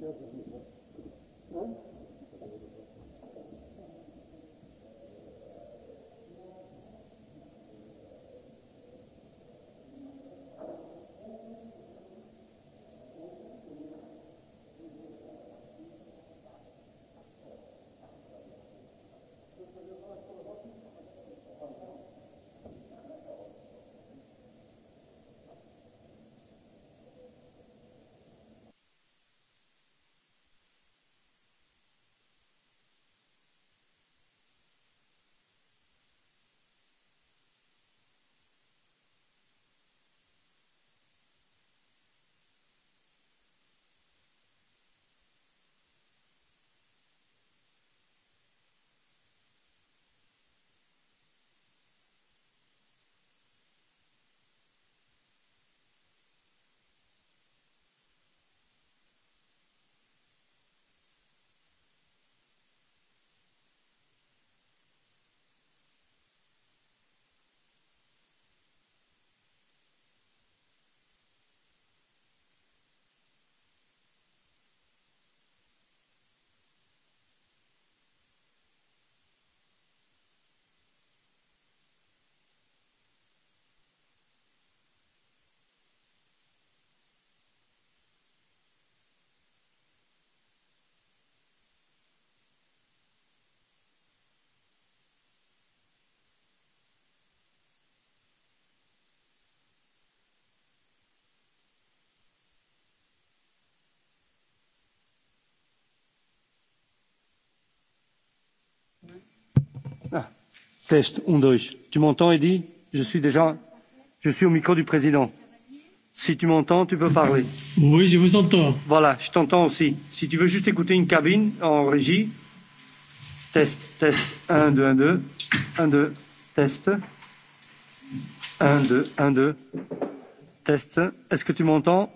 Ja, test un deux. Tu m'entends, Eddie Je suis déjà, je suis au micro du président. Si tu m'entends, tu peux parler. Oui, je vous entends. Voilà, je t'entends aussi. Si tu veux juste écouter une cabine en régie, test, test, un deux un deux, un deux, test, un deux un deux, test. Est-ce que tu m'entends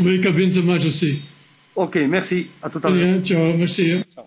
Oui, cabine, ça marche aussi. Ok, merci. À tout à l'heure. Ciao, merci. Ciao.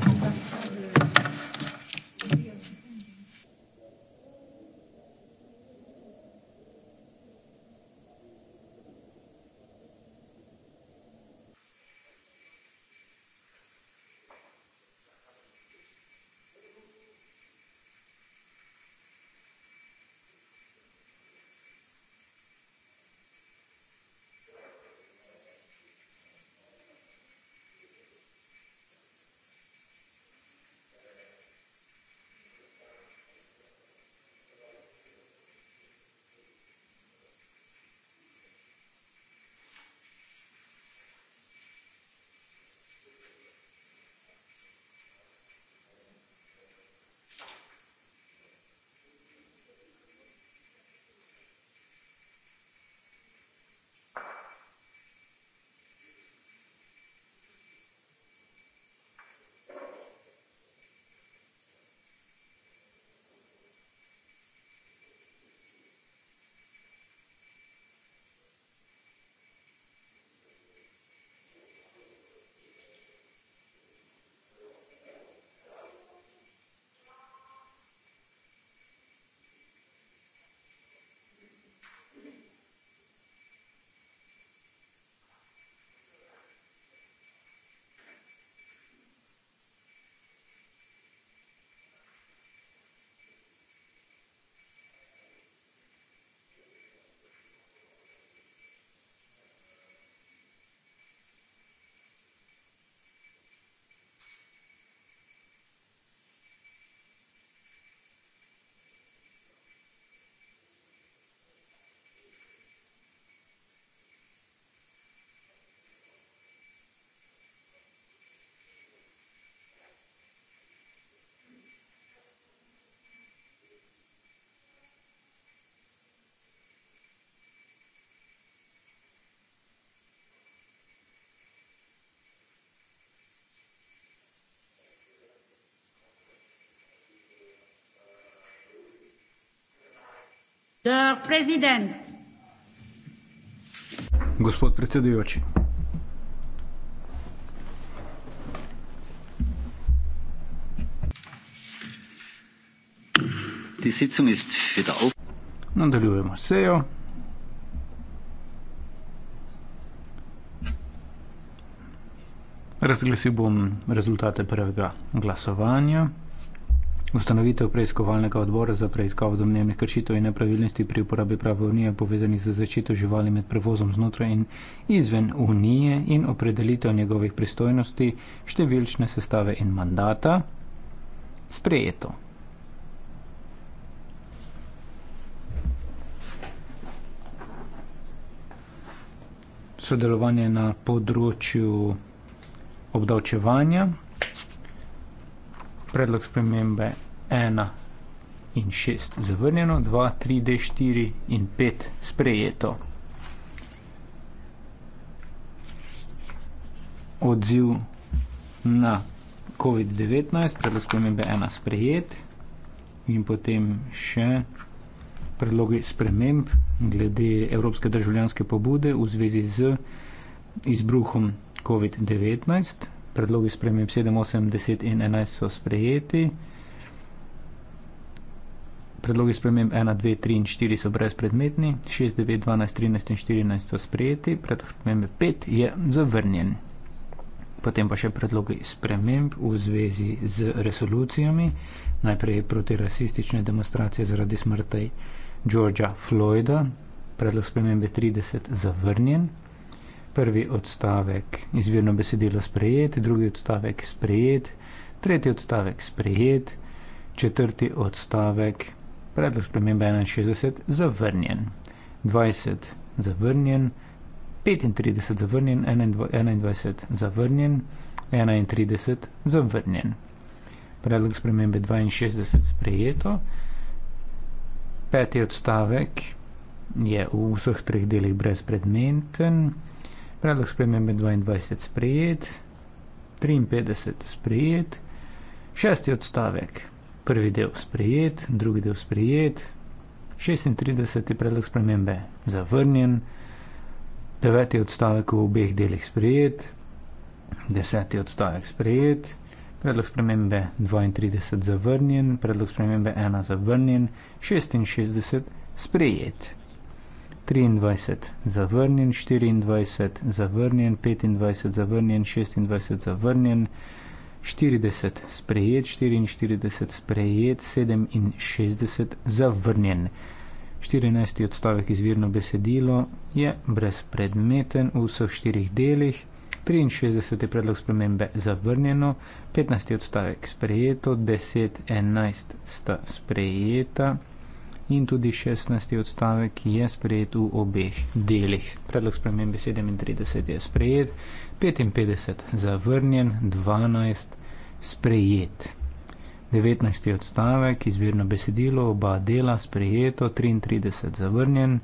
President. Gospod predsedujoči. Nadaljujemo sejo. Razglasil bom rezultate prvega glasovanja. Ustanovitev preiskovalnega odbora za preiskavo domnevnih kršitev in nepravilnosti pri uporabi prava Unije povezanih z zaščito živali med prevozom znotraj in izven Unije in opredelitev njegovih pristojnosti, številčne sestave in mandata sprejeto. Sodelovanje na področju obdavčevanja predlog spremembe 1 in 6 zavrnjeno, 2, 3, D4 in 5 sprejeto. Odziv na COVID-19, predlog spremembe 1 sprejet in potem še predlogi sprememb glede Evropske državljanske pobude v zvezi z izbruhom COVID-19 predlogi sprememb 7, 8, 10 in 11 so sprejeti. Predlogi sprememb 1, 2, 3 in 4 so brezpredmetni, 6, 9, 12, 13 in 14 so sprejeti, predlog sprememb 5 je zavrnjen. Potem pa še predlogi sprememb v zvezi z resolucijami, najprej proti rasistične demonstracije zaradi smrti Georgea Floyda, predlog spremembe 30 zavrnjen prvi odstavek izvirno besedilo sprejet, drugi odstavek sprejet, tretji odstavek sprejet, četrti odstavek predlog spremembe 61 zavrnjen, 20 zavrnjen, 35 zavrnjen, 21 zavrnjen, 31 zavrnjen. Predlog spremembe 62 sprejeto, peti odstavek je v vseh treh delih brezpredmenten, predlog spremembe 22 sprejet, 53 sprejet, šesti odstavek, prvi del sprejet, drugi del sprejet, 36. predlog spremembe zavrnjen, deveti odstavek v obeh delih sprejet, deseti odstavek sprejet, predlog spremembe 32 zavrnjen, predlog spremembe 1 zavrnjen, 66 sprejet. 23, zavrnjen 24, zavrnjen 25, zavrnjen 26, zavrnjen 40, sprejet 44, sprejet 67, zavrnjen. 14. odstavek izvirno besedilo je brezpredmeten v vseh štirih delih. 63. predlog spremembe zavrnjeno, 15. odstavek sprejeto, 10, 11 sta sprejeta, in tudi 16. odstavek je sprejet v obeh delih. Predlog spremembe 37 je sprejet, 55 zavrnjen, 12 sprejet. 19. odstavek, izbirno besedilo, oba dela sprejeto, 33 zavrnjen,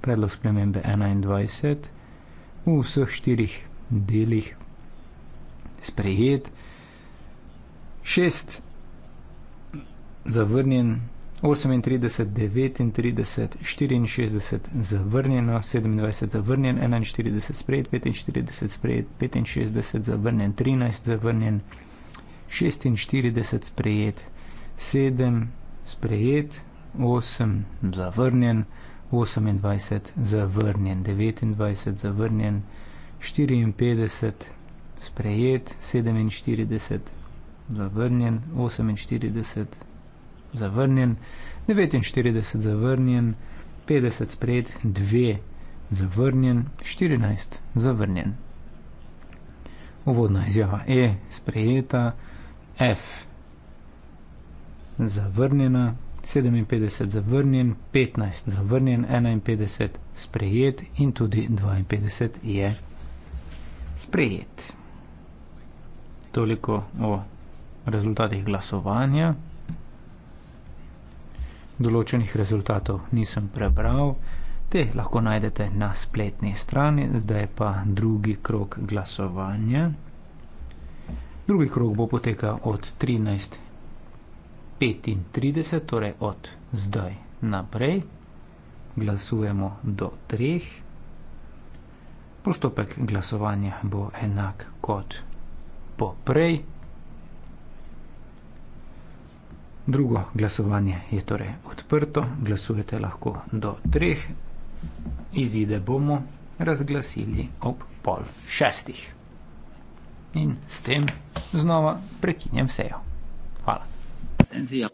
predlog spremembe 21 v vseh štirih delih sprejet, 6 zavrnjen, 38, 39, 64 zavrnjeno, 27 zavrnjen, 41 sprejet, 45 sprejet, 65 zavrnjen, 13 zavrnjen, 46 sprejet, 7 sprejet, 8 zavrnjen, 28 zavrnjen, 29 zavrnjen, 54 sprejet, 47 zavrnjen, 48 zavrnjen zavrnjen, 49 zavrnjen, 50 sprejet, 2 zavrnjen, 14 zavrnjen. Uvodna izjava E sprejeta, F zavrnjena, 57 zavrnjen, 15 zavrnjen, 51 sprejet in tudi 52 je sprejet. Toliko o rezultatih glasovanja določenih rezultatov nisem prebral, te lahko najdete na spletni strani, zdaj pa drugi krok glasovanja. Drugi krok bo potekal od 13.35, torej od zdaj naprej. Glasujemo do 3. Postopek glasovanja bo enak kot poprej. Drugo glasovanje je torej odprto, glasujete lahko do treh, izide bomo razglasili ob pol šestih. In s tem znova prekinjem sejo. Hvala. Senzio.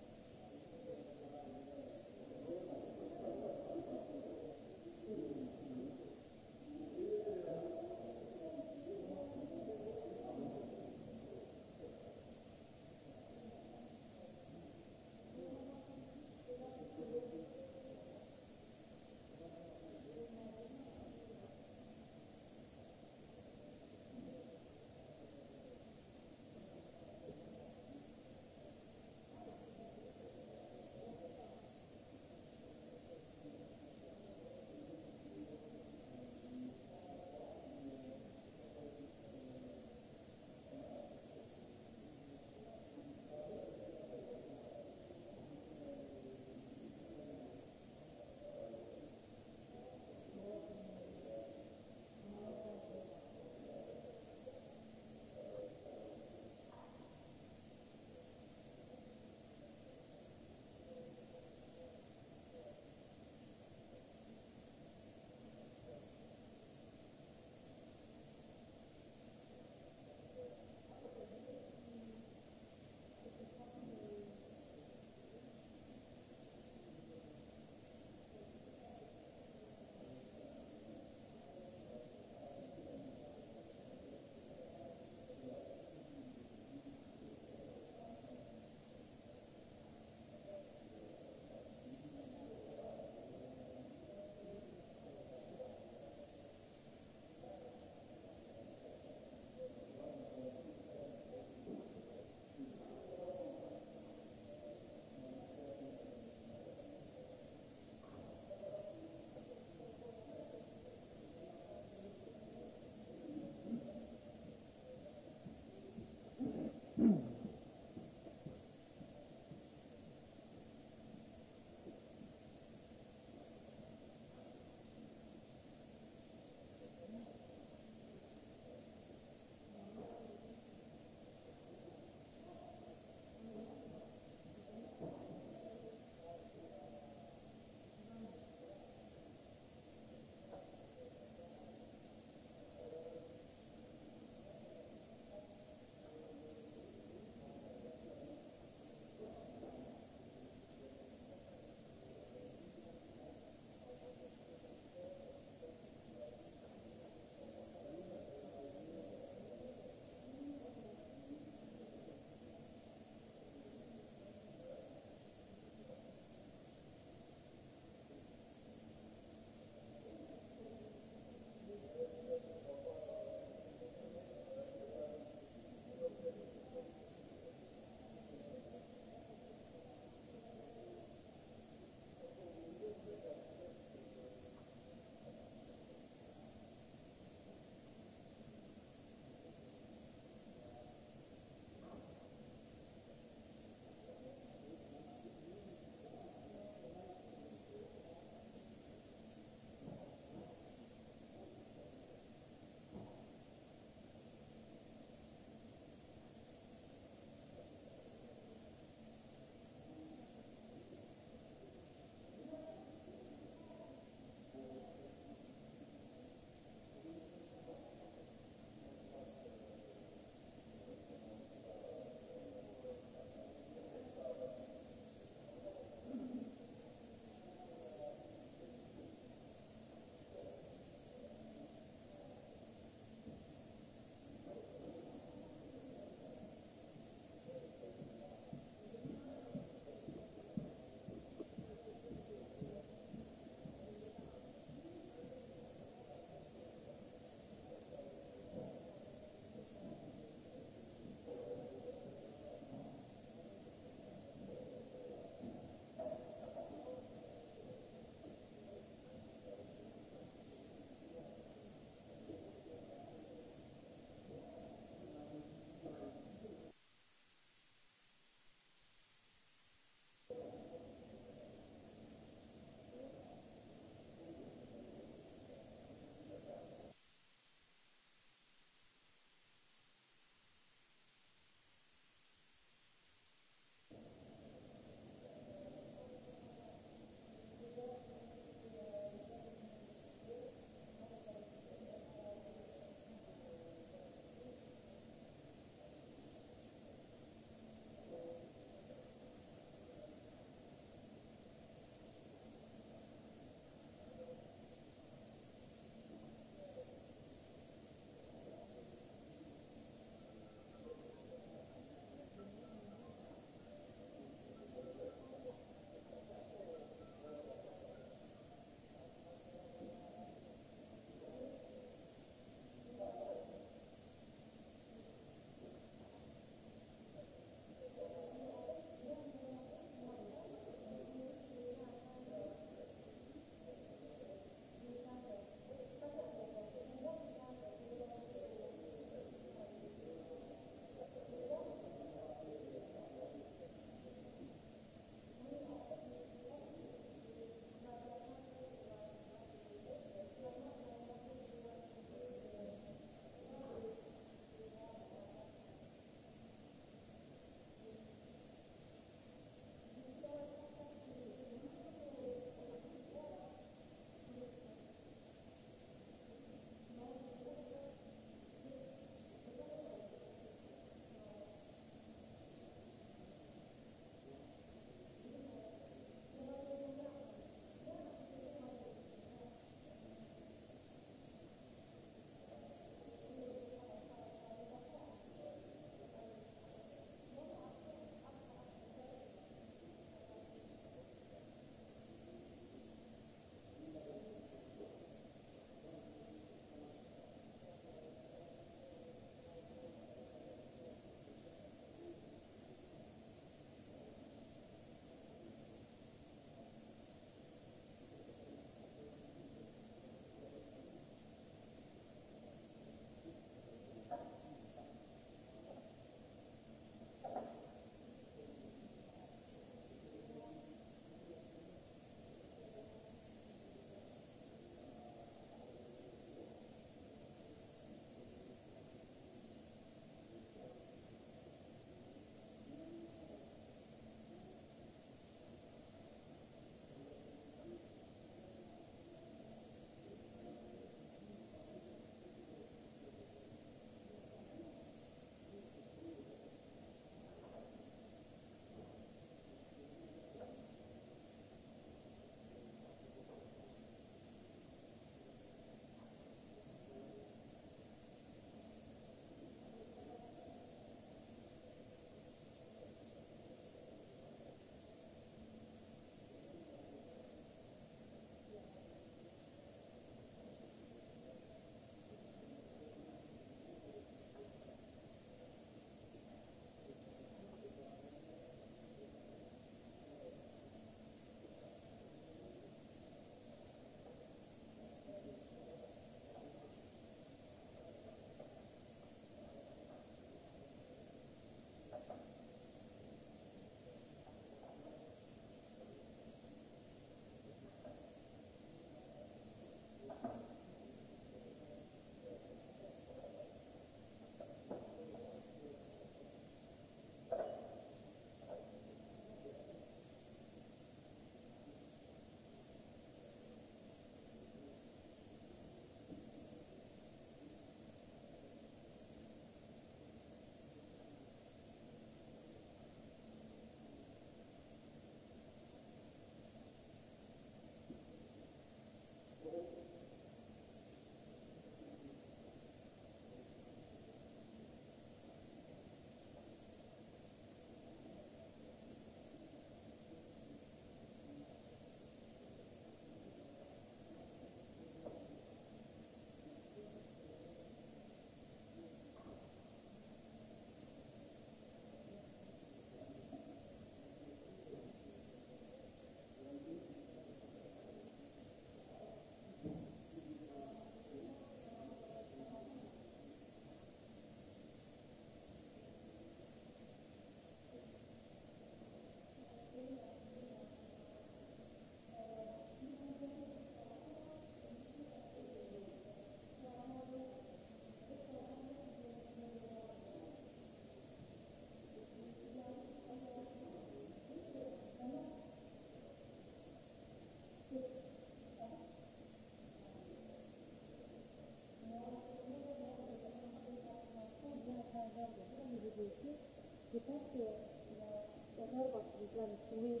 Je pense que la erreur parce que vous avez trouvé,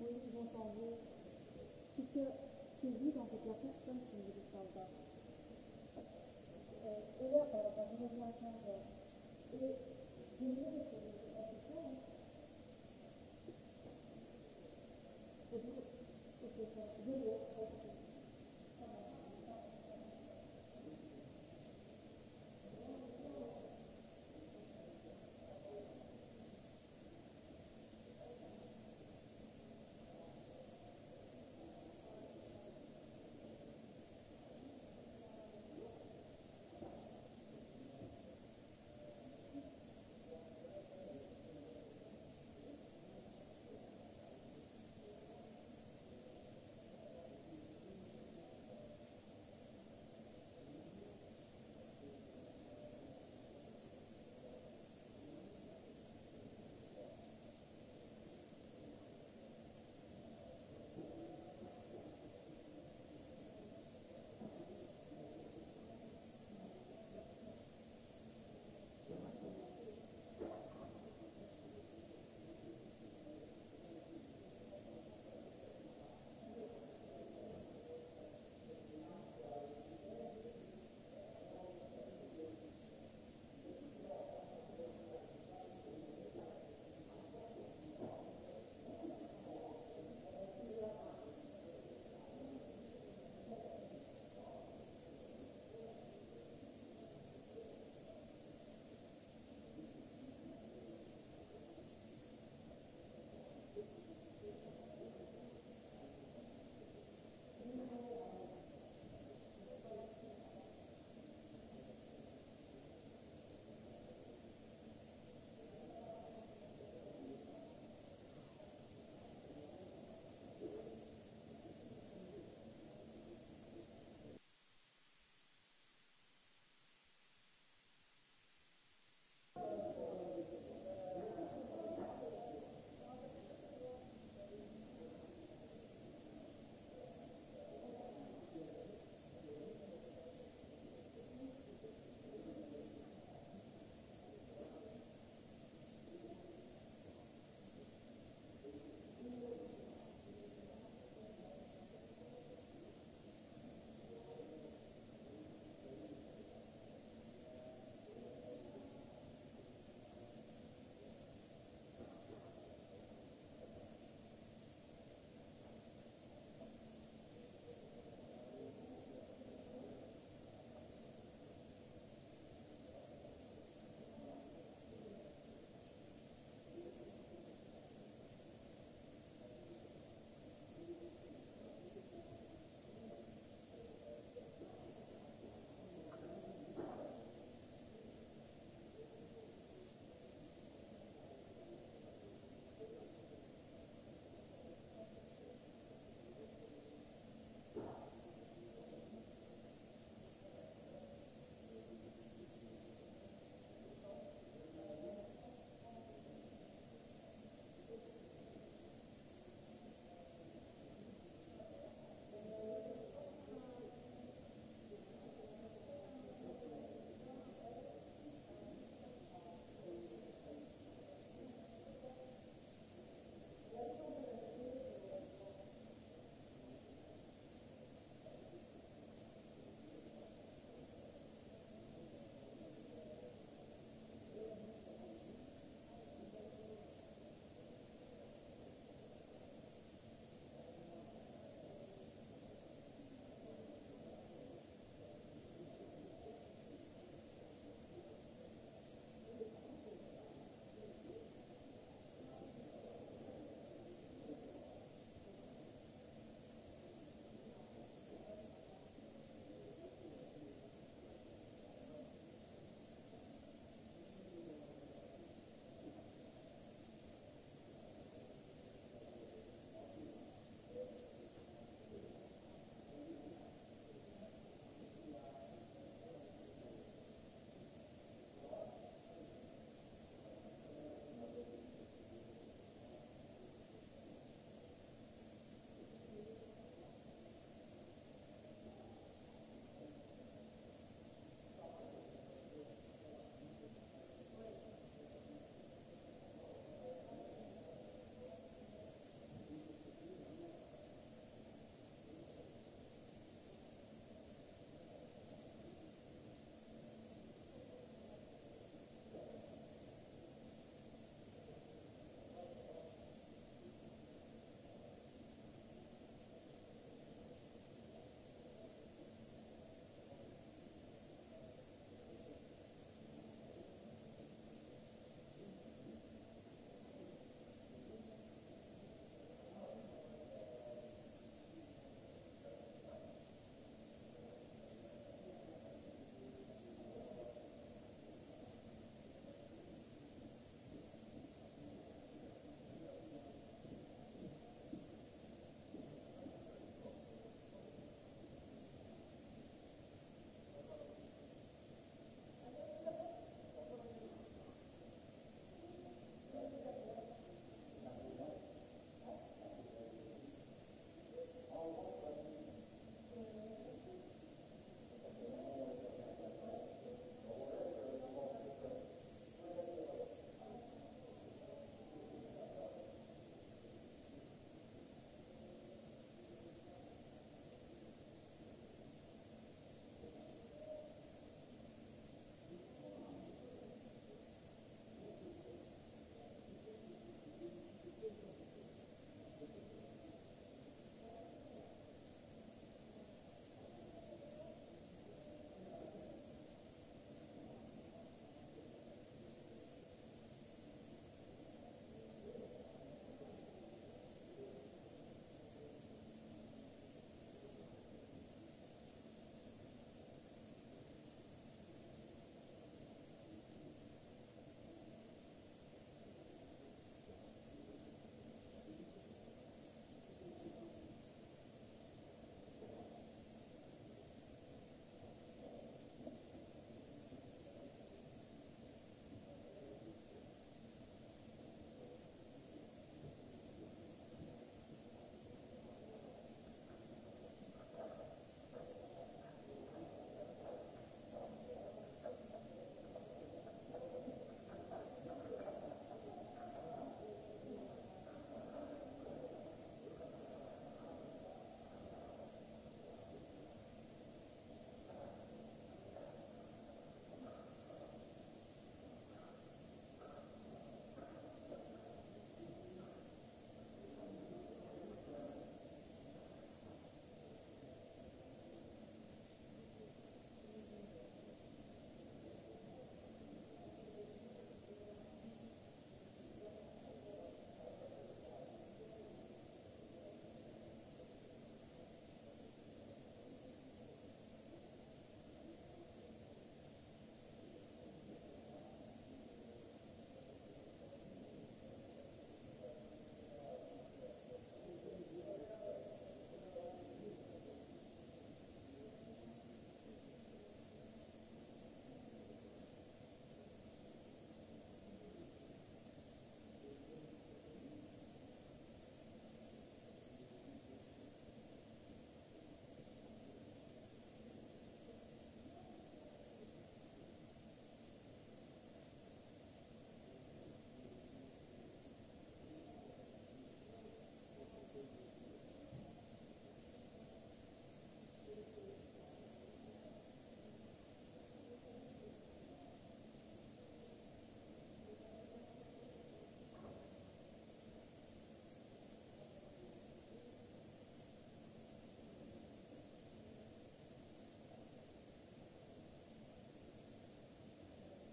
oui, vous entendez, c'est que tu vis dans cette personne qui ne vous parle pas. Et là, par rapport à vous, vous entendez, et vous voulez que